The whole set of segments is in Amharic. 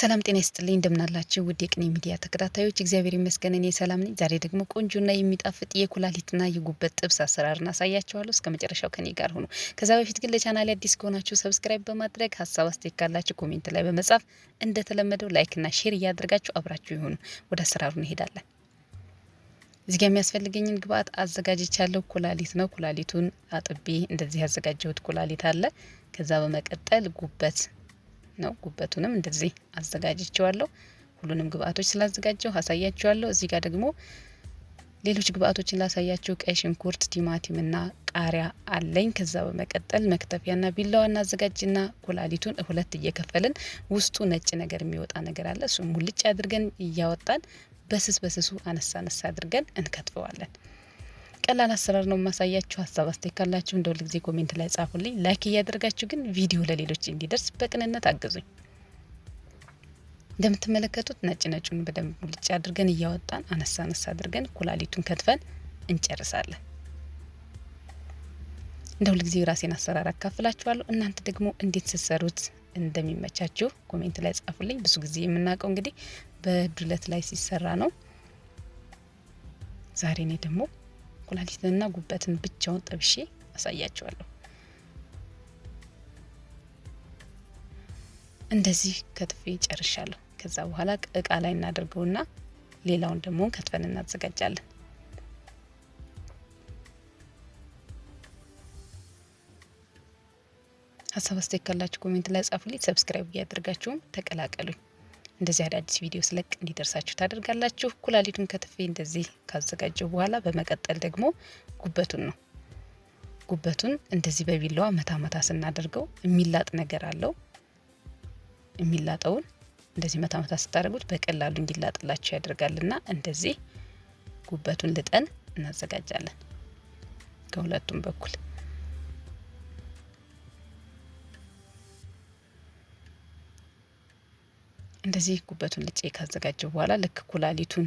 ሰላም ጤና ይስጥልኝ እንደምናላችሁ ውድ የቅኔ ሚዲያ ተከታታዮች፣ እግዚአብሔር ይመስገን እኔ ሰላም ነኝ። ዛሬ ደግሞ ቆንጆና የሚጣፍጥ የኩላሊትና የጉበት ጥብስ አሰራር እናሳያችኋለሁ። እስከ መጨረሻው ከኔ ጋር ሆኑ። ከዛ በፊት ግን ለቻናል አዲስ ከሆናችሁ ሰብስክራይብ በማድረግ ሀሳብ አስተያየት ካላችሁ ኮሜንት ላይ በመጻፍ እንደተለመደው ላይክና ሼር እያደረጋችሁ አብራችሁ ይሁኑ። ወደ አሰራሩ እንሄዳለን። እዚህ ጋር የሚያስፈልገኝን ግብአት አዘጋጅቻለሁ። ኩላሊት ነው። ኩላሊቱን አጥቤ እንደዚህ ያዘጋጀሁት ኩላሊት አለ። ከዛ በመቀጠል ጉበት ነው። ጉበቱንም እንደዚህ አዘጋጅቸዋለሁ። ሁሉንም ግብአቶች ስላዘጋጀው አሳያችኋለሁ። እዚህ ጋር ደግሞ ሌሎች ግብአቶችን ላሳያችሁ። ቀይ ሽንኩርት፣ ቲማቲምና ቃሪያ አለኝ። ከዛ በመቀጠል መክተፊያና ቢላዋ ና ኩላሊቱን ሁለት እየከፈልን ውስጡ ነጭ ነገር የሚወጣ ነገር አለ። እሱም ሙልጭ አድርገን እያወጣን በስስ በስሱ አነሳ አነሳ አድርገን እንከትፈዋለን። ቀላል አሰራር ነው የማሳያችሁ። ሀሳብ አስተያየት ካላችሁ እንደ ሁል ጊዜ ኮሜንት ላይ ጻፉልኝ። ላይክ እያደርጋችሁ ግን ቪዲዮ ለሌሎች እንዲደርስ በቅንነት አግዙኝ። እንደምትመለከቱት ነጭ ነጩን በደንብ ሙልጭ አድርገን እያወጣን አነሳ አነሳ አድርገን ኩላሊቱን ከትፈን እንጨርሳለን። እንደ ሁል ጊዜ ራሴን አሰራር አካፍላችኋለሁ። እናንተ ደግሞ እንዴት ስትሰሩት እንደሚመቻችሁ ኮሜንት ላይ ጻፉልኝ። ብዙ ጊዜ የምናውቀው እንግዲህ በዱለት ላይ ሲሰራ ነው። ዛሬ እኔ ደግሞ ኩላሊትንና ጉበትን ብቻውን ጠብሼ አሳያቸዋለሁ። እንደዚህ ከትፌ ጨርሻለሁ። ከዛ በኋላ እቃ ላይ እናደርገውና ሌላውን ደግሞ ከትፈን እናዘጋጃለን። ሀሳብ አስተያየት ካላችሁ ኮሜንት ላይ ጻፉልኝ። ሰብስክራይብ እያደርጋችሁም ተቀላቀሉኝ። እንደዚህ አዳዲስ ቪዲዮ ስለቅ እንዲደርሳችሁ ታደርጋላችሁ። ኩላሊቱን ከትፌ እንደዚህ ካዘጋጀው በኋላ በመቀጠል ደግሞ ጉበቱን ነው። ጉበቱን እንደዚህ በቢላዋ መታ መታ ስናደርገው የሚላጥ ነገር አለው። የሚላጠውን እንደዚህ መታ መታ ስታደርጉት በቀላሉ እንዲላጥላችሁ ያደርጋልና እንደዚህ ጉበቱን ልጠን እናዘጋጃለን ከሁለቱም በኩል እንደዚህ ጉበቱን ልጬ ካዘጋጀው በኋላ ልክ ኩላሊቱን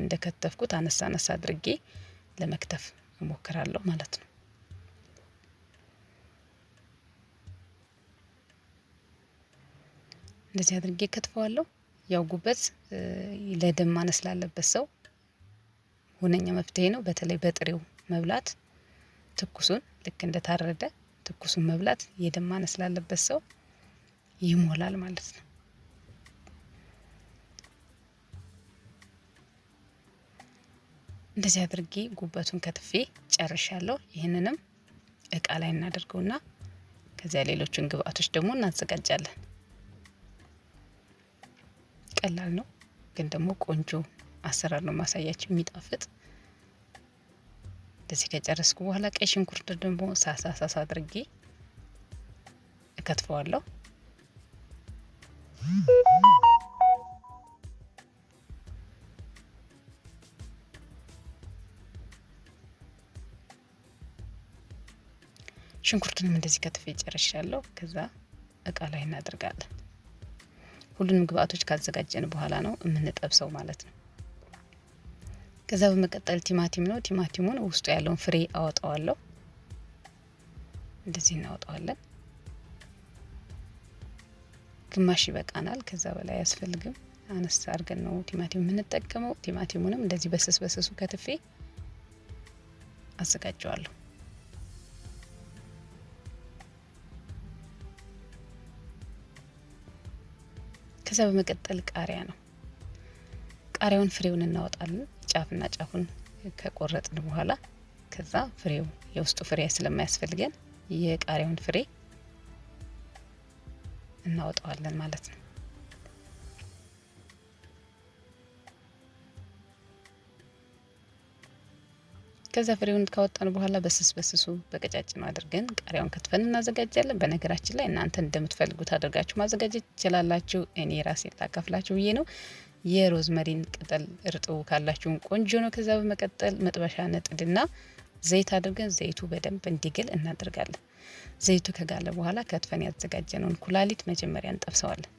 እንደከተፍኩት አነሳ አነሳ አድርጌ ለመክተፍ እሞክራለሁ ማለት ነው። እንደዚህ አድርጌ ከትፈዋለሁ። ያው ጉበት ለደም ማነስ ላለበት ሰው ሁነኛ መፍትሄ ነው። በተለይ በጥሬው መብላት ትኩሱን ልክ እንደታረደ ትኩሱን መብላት የደም ማነስ ላለበት ሰው ይሞላል ማለት ነው። እንደዚህ አድርጌ ጉበቱን ከትፌ ጨርሻለሁ። ይህንንም እቃ ላይ እናደርገውና ከዚያ ሌሎችን ግብአቶች ደግሞ እናዘጋጃለን። ቀላል ነው ግን ደግሞ ቆንጆ አሰራር ነው ማሳያቸው የሚጣፍጥ እንደዚህ ከጨረስኩ በኋላ ቀይ ሽንኩርት ደግሞ ሳሳ አድርጌ እከትፈዋለሁ። ሽንኩርቱንም እንደዚህ ከትፌ ጨርሻለሁ። ከዛ እቃ ላይ እናደርጋለን። ሁሉንም ግብአቶች ካዘጋጀን በኋላ ነው የምንጠብሰው ማለት ነው። ከዛ በመቀጠል ቲማቲም ነው። ቲማቲሙን ውስጡ ያለውን ፍሬ አወጣዋለሁ። እንደዚህ እናወጣዋለን። ግማሽ ይበቃናል። ከዛ በላይ አያስፈልግም። አነስ አድርገን ነው ቲማቲም የምንጠቀመው። ቲማቲሙንም እንደዚህ በስስ በስሱ ከትፌ አዘጋጀዋለሁ። ከዛ በመቀጠል ቃሪያ ነው። ቃሪያውን ፍሬውን እናወጣለን። ጫፍና ጫፉን ከቆረጥን በኋላ ከዛ ፍሬው የውስጡ ፍሬ ስለማያስፈልገን የቃሪያውን ፍሬ እናወጣዋለን ማለት ነው። ከዛ ፍሬውን ካወጣን በኋላ በስስ በስሱ በቀጫጭኑ አድርገን ቃሪያውን ከትፈን እናዘጋጃለን። በነገራችን ላይ እናንተ እንደምትፈልጉት አድርጋችሁ ማዘጋጀት ትችላላችሁ። እኔ ራሴ ላካፍላችሁ ብዬ ነው። የሮዝመሪን ቅጠል እርጥቡ ካላችሁን ቆንጆ ነው። ከዛ በመቀጠል መጥበሻ ነጥድና ዘይት አድርገን ዘይቱ በደንብ እንዲግል እናደርጋለን። ዘይቱ ከጋለ በኋላ ከትፈን ያዘጋጀነውን ኩላሊት መጀመሪያ እንጠብሰዋለን።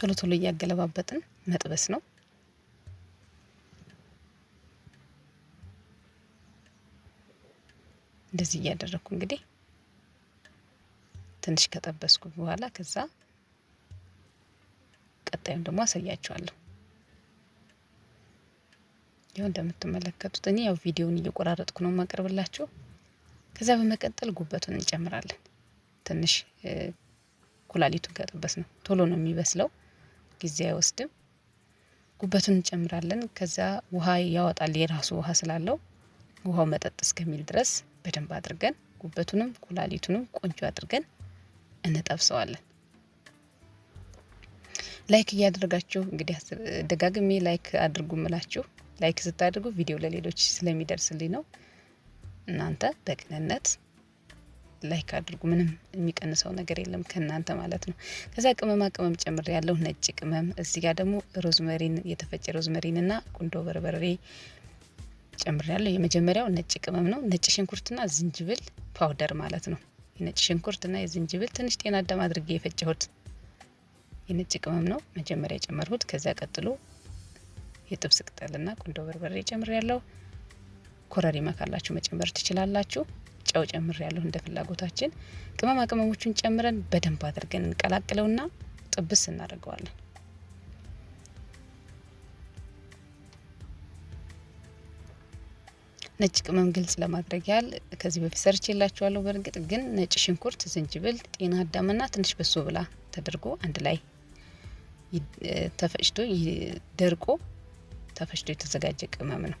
ቶሎ ቶሎ እያገለባበጥን መጥበስ ነው። እንደዚህ እያደረግኩ እንግዲህ ትንሽ ከጠበስኩ በኋላ ከዛ ቀጣዩን ደግሞ አሳያችኋለሁ። ይኸው እንደምትመለከቱት እኔ ያው ቪዲዮውን እየቆራረጥኩ ነው ማቀርብላችሁ። ከዛ በመቀጠል ጉበቱን እንጨምራለን። ትንሽ ኩላሊቱን ከጠበስ ነው ቶሎ ነው የሚበስለው፣ ጊዜ አይወስድም። ጉበቱን እንጨምራለን። ከዛ ውሃ ያወጣል የራሱ ውሃ ስላለው ውሃው መጠጥ እስከሚል ድረስ በደንብ አድርገን ጉበቱንም ኩላሊቱንም ቆንጆ አድርገን እንጠብሰዋለን። ላይክ እያደረጋችሁ እንግዲህ ደጋግሜ ላይክ አድርጉ ምላችሁ ላይክ ስታደርጉ ቪዲዮ ለሌሎች ስለሚደርስልኝ ነው። እናንተ በቅንነት ላይክ አድርጉ። ምንም የሚቀንሰው ነገር የለም ከእናንተ ማለት ነው። ከዚያ ቅመማ ቅመም ጨምር ያለው ነጭ ቅመም፣ እዚህ ጋር ደግሞ ሮዝመሪን የተፈጨ ሮዝመሪንና ቁንዶ በርበሬ ጨምር ያለው የመጀመሪያው ነጭ ቅመም ነው። ነጭ ሽንኩርትና ዝንጅብል ፓውደር ማለት ነው። የነጭ ሽንኩርትና የዝንጅብል ትንሽ ጤና አዳም አድርጌ የፈጨሁት የነጭ ቅመም ነው መጀመሪያ የጨመርሁት። ከዚያ ቀጥሎ የጥብስ ቅጠልና ቁንዶ በርበሬ ጨምር ያለው። ኮረሪማ ካላችሁ መጨመር ትችላላችሁ። ጨው ጨምር ያለሁ እንደ ፍላጎታችን። ቅመማ ቅመሞቹን ጨምረን በደንብ አድርገን እንቀላቅለውና ጥብስ እናደርገዋለን። ነጭ ቅመም ግልጽ ለማድረግ ያህል ከዚህ በፊት ሰርች የላችኋለሁ። በእርግጥ ግን ነጭ ሽንኩርት፣ ዝንጅብል፣ ጤና አዳምና ትንሽ በሶ ብላ ተደርጎ አንድ ላይ ተፈጭቶ ደርቆ ተፈጭቶ የተዘጋጀ ቅመም ነው።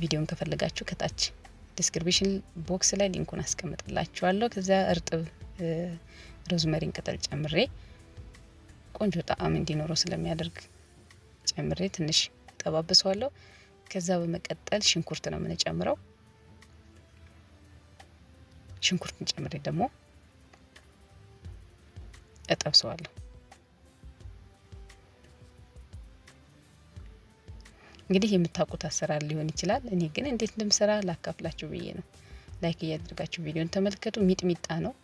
ቪዲዮን ከፈለጋችሁ ከታች ዲስክሪፕሽን ቦክስ ላይ ሊንኩን አስቀምጥላችኋለሁ። ከዚያ እርጥብ ሮዝመሪን ቅጠል ጨምሬ ቆንጆ ጣዕም እንዲኖረው ስለሚያደርግ ጨምሬ ትንሽ ጠባብሰዋለሁ። ከዛ በመቀጠል ሽንኩርት ነው የምንጨምረው። ሽንኩርት ጨምሬ ደግሞ እጠብሰዋለሁ። እንግዲህ የምታውቁት አሰራር ሊሆን ይችላል። እኔ ግን እንዴት እንደምሰራ ላካፍላችሁ ብዬ ነው። ላይክ እያደረጋችሁ ቪዲዮን ተመልከቱ። ሚጥሚጣ ነው።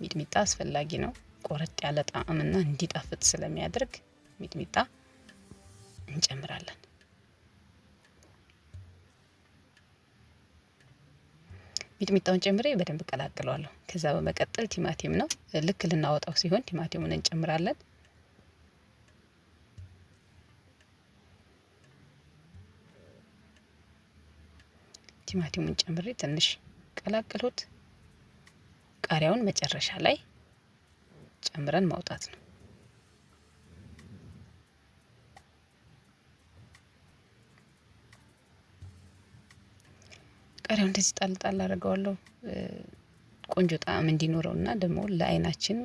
ሚጥሚጣ አስፈላጊ ነው። ቆረጥ ያለ ጣዕምና እንዲጣፍጥ ስለሚያደርግ ሚጥሚጣ እንጨምራለን። ሚጥሚጣውን ጨምሬ በደንብ ቀላቅለዋለሁ። ከዛ በመቀጠል ቲማቲም ነው ልክ ልናወጣው ሲሆን ቲማቲሙን እንጨምራለን። ቲማቲሙን ጨምሬ ትንሽ ቀላቅሎት ቃሪያውን መጨረሻ ላይ ጨምረን ማውጣት ነው። ቀሪው እንደዚህ ጣልጣል አድርገዋለሁ ቆንጆ ጣዕም እንዲኖረው እና ደግሞ ለአይናችን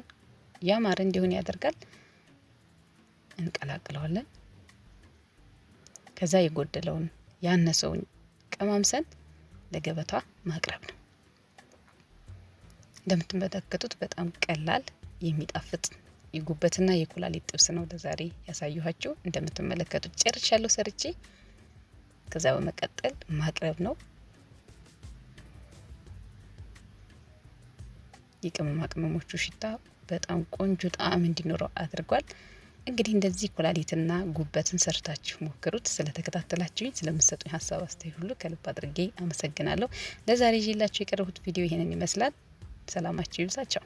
ያማረ እንዲሆን ያደርጋል። እንቀላቅለዋለን። ከዛ የጎደለውን ያነሰውን ቀማምሰን ለገበታ ማቅረብ ነው። እንደምትመለከቱት በጣም ቀላል የሚጣፍጥ የጉበትና የኩላሊት ጥብስ ነው ለዛሬ ያሳየኋችሁ። እንደምትመለከቱት ጨርሻለሁ ሰርቼ። ከዛ በመቀጠል ማቅረብ ነው። የቅመማ ቅመሞቹ ሽታ በጣም ቆንጆ ጣዕም እንዲኖረው አድርጓል። እንግዲህ እንደዚህ ኩላሊትና ጉበትን ሰርታችሁ ሞክሩት። ስለተከታተላችሁኝ ስለምሰጡኝ ሀሳብ አስተያየት ሁሉ ከልብ አድርጌ አመሰግናለሁ። ለዛሬ ይዤላችሁ የቀረቡት ቪዲዮ ይሄንን ይመስላል። ሰላማችሁ ይብዛቸው።